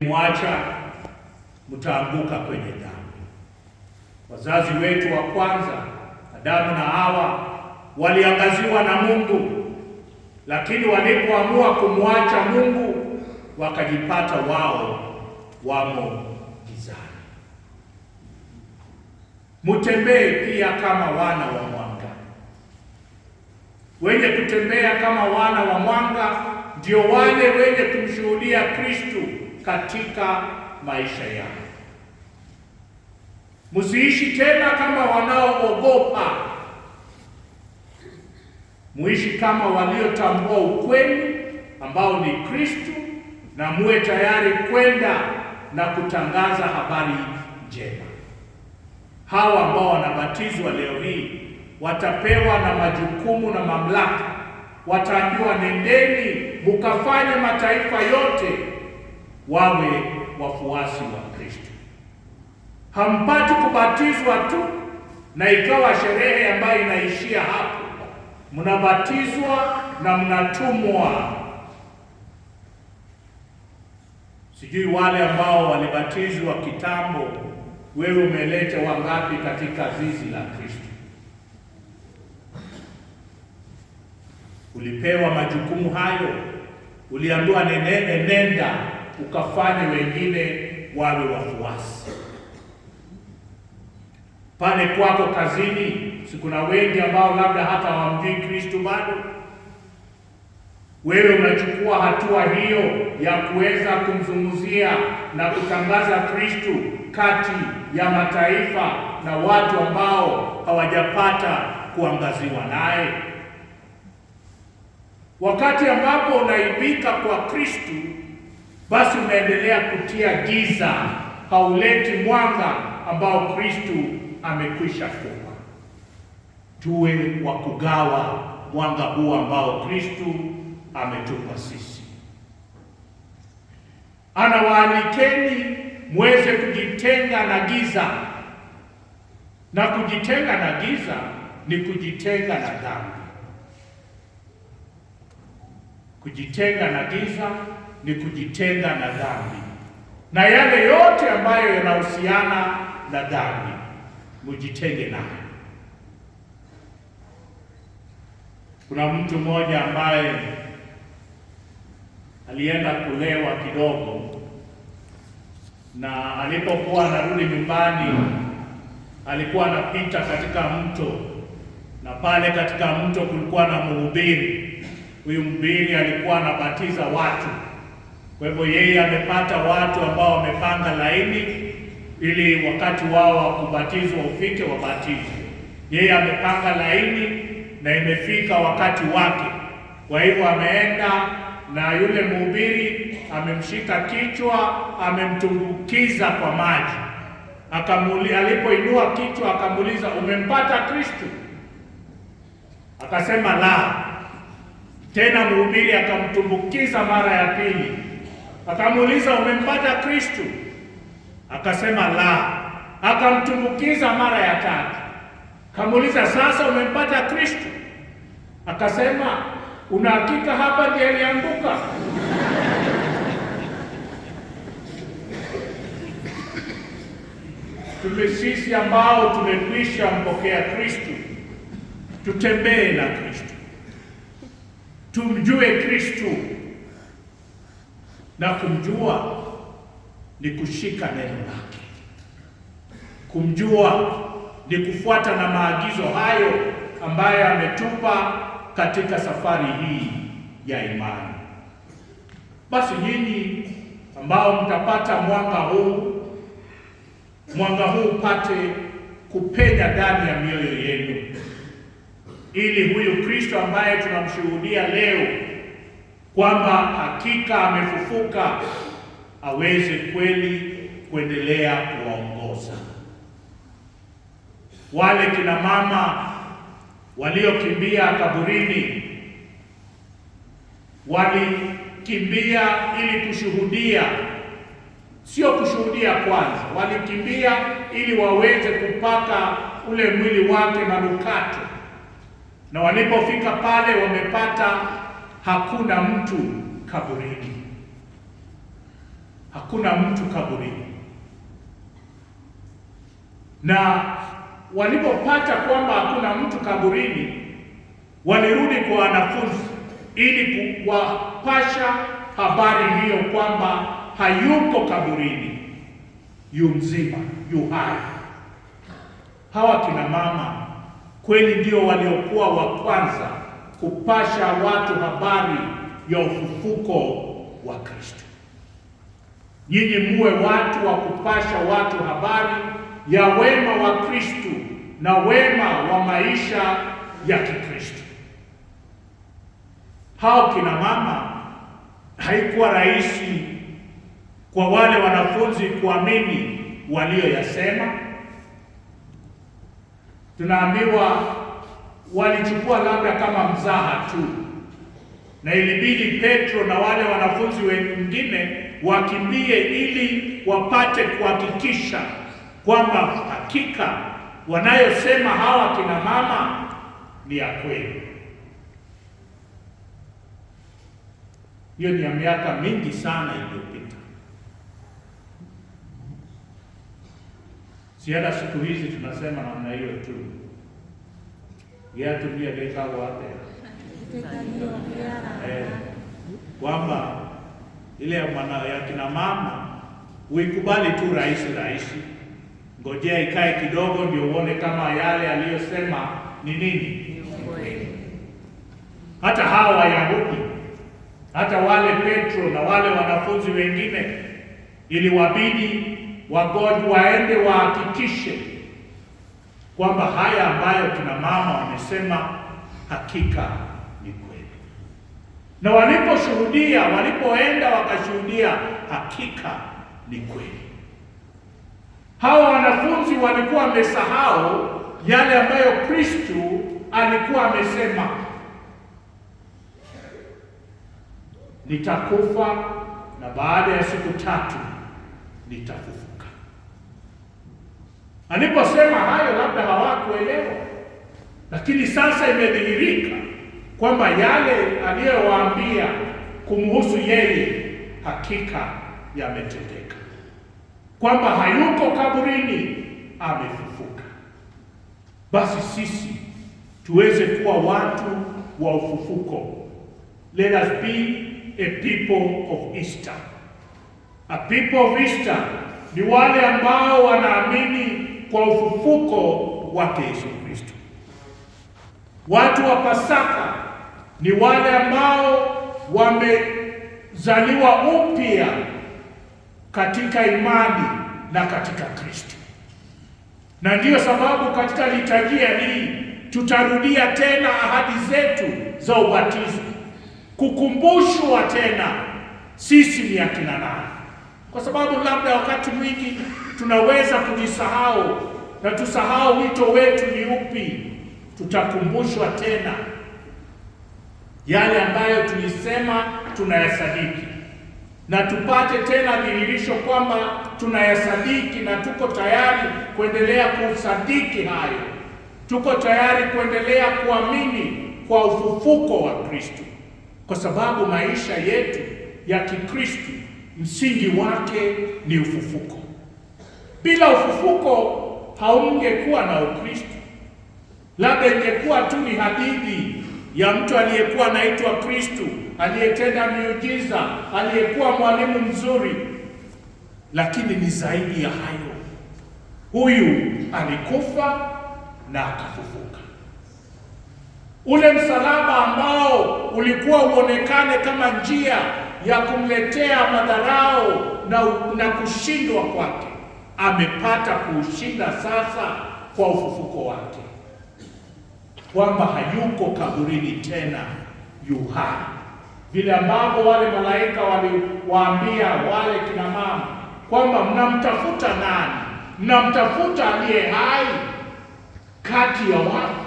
mwacha mtaanguka kwenye dhambi. Wazazi wetu wa kwanza Adamu na Hawa waliangaziwa na Mungu, lakini walipoamua kumwacha Mungu wakajipata wao wamo gizani. Mtembee pia kama wana wa mwanga. Wenye kutembea kama wana wa mwanga ndio wale wenye kumshuhudia Kristu katika maisha yao. Msiishi tena kama wanaoogopa, muishi kama waliotambua ukweli ambao ni Kristu, na muwe tayari kwenda na kutangaza habari njema. Hawa ambao wanabatizwa leo hii watapewa na majukumu na mamlaka, wataambiwa nendeni mukafanye mataifa yote wawe wafuasi wa Kristo. Hampati kubatizwa tu na ikawa sherehe ambayo inaishia hapo. Mnabatizwa na mnatumwa. Sijui wale ambao walibatizwa kitambo, wewe umeleta wangapi katika zizi la Kristo? Ulipewa majukumu hayo, uliambiwa nene, nenda ukafanya wengine wawe wafuasi pale kwako kazini. Si kuna wengi ambao labda hata hawamjui Kristo bado? Wewe unachukua hatua hiyo ya kuweza kumzungumzia na kutangaza Kristo kati ya mataifa na watu ambao hawajapata kuangaziwa naye, wakati ambapo unaibika kwa Kristo basi unaendelea kutia giza, hauleti mwanga ambao Kristu amekwisha kuwa. Tuwe wa kugawa mwanga huu ambao Kristu ametupa sisi. Anawaalikeni muweze kujitenga na giza, na kujitenga na giza ni kujitenga na dhambi, kujitenga na giza ni kujitenga na dhambi na yale yote ambayo yanahusiana na dhambi, mujitenge nayo. Kuna mtu mmoja ambaye alienda kulewa kidogo, na alipokuwa anarudi nyumbani, alikuwa anapita katika mto, na pale katika mto kulikuwa na mhubiri. Huyu mhubiri alikuwa anabatiza watu kwa hivyo yeye amepata watu ambao wamepanga laini ili wakati wao wa kubatizwa ufike wabatizwe. Yeye amepanga laini na imefika wakati wake. Kwa hivyo ameenda na yule mhubiri amemshika kichwa, amemtumbukiza kwa maji. Akamuli, alipoinua kichwa akamuuliza, umempata Kristo? Akasema la. Tena mhubiri akamtumbukiza mara ya pili. Akamuuliza, umempata Kristu? Akasema la. Akamtumbukiza mara ya tatu. Akamuuliza, sasa umempata Kristu? Akasema, una hakika hapa ndiye alianguka? Tume sisi ambao tumekwisha mpokea Kristu, tutembee na Kristu, tumjue Kristu na kumjua ni kushika neno lake. Kumjua ni kufuata na maagizo hayo ambayo ametupa katika safari hii ya imani. Basi nyinyi ambao mtapata mwanga huu, mwanga huu upate kupenya ndani ya mioyo yenu, ili huyu Kristo ambaye tunamshuhudia leo kwamba hakika amefufuka, aweze kweli kuendelea kuwaongoza wale kina mama waliokimbia kaburini. Walikimbia ili kushuhudia, sio kushuhudia kwanza, walikimbia ili waweze kupaka ule mwili wake manukato, na walipofika pale wamepata hakuna mtu kaburini, hakuna mtu kaburini. Na walipopata kwamba hakuna mtu kaburini, walirudi kwa wanafunzi ili kuwapasha habari hiyo kwamba hayuko kaburini, yu mzima, yu hai. Hawa kina mama kweli ndio waliokuwa wa kwanza kupasha watu habari ya ufufuko wa Kristo. Nyinyi muwe watu wa kupasha watu habari ya wema wa Kristo na wema wa maisha ya Kikristo. Hao kina mama, haikuwa rahisi kwa wale wanafunzi kuamini walioyasema. Tunaambiwa walichukua labda kama mzaha tu, na ilibidi Petro na wale wanafunzi wengine wakimbie ili wapate kuhakikisha kwamba hakika wanayosema hawa kina mama ni ya kweli. Hiyo ni ya miaka mingi sana iliyopita. Siada siku hizi tunasema namna hiyo tu viatu via vikagwo atia kwamba ile ya kina mama uikubali tu rahisi rahisi, ngojea ikae kidogo, ndio uone kama yale aliyosema ni nini. Hata hawa Wayahudi, hata wale Petro na wale wanafunzi wengine, iliwabidi wagoji waende wahakikishe kwamba haya ambayo kina mama wamesema hakika ni kweli, na waliposhuhudia, walipoenda wakashuhudia, hakika ni kweli. Hawa wanafunzi walikuwa wamesahau yale ambayo Kristu alikuwa amesema, nitakufa na baada ya siku tatu nitafufuka. Aliposema hayo labda hawakuelewa, lakini sasa imedhihirika kwamba yale aliyowaambia kumhusu yeye hakika yametendeka, kwamba hayuko kaburini, amefufuka. Basi sisi tuweze kuwa watu wa ufufuko. Let us be a people of Easter. A people of Easter ni wale ambao wanaamini kwa ufufuko wake Yesu Kristo. Watu wa Pasaka ni wale ambao wamezaliwa upya katika imani na katika Kristo, na ndiyo sababu katika litajia hii tutarudia tena ahadi zetu za ubatizo, kukumbushwa tena sisi ni akina nani, kwa sababu labda wakati mwingi tunaweza kujisahau na tusahau wito wetu ni upi. Tutakumbushwa tena yale ambayo tulisema tunayasadiki, na tupate tena dhihirisho kwamba tunayasadiki na tuko tayari kuendelea kusadiki hayo, tuko tayari kuendelea kuamini kwa ufufuko wa Kristo, kwa sababu maisha yetu ya Kikristo msingi wake ni ufufuko. Bila ufufuko haungekuwa na Ukristo, labda ingekuwa tu ni hadithi ya mtu aliyekuwa anaitwa Kristo, aliyetenda miujiza, aliyekuwa mwalimu mzuri, lakini ni zaidi ya hayo. Huyu alikufa na akafufuka. Ule msalaba ambao ulikuwa uonekane kama njia ya kumletea madharao na, na kushindwa kwake amepata kuushinda sasa kwa ufufuko wake, kwamba hayuko kaburini tena, yu hai, vile ambavyo wale malaika waliwaambia wale kina mama kwamba mnamtafuta nani? Mnamtafuta aliye hai kati ya wafu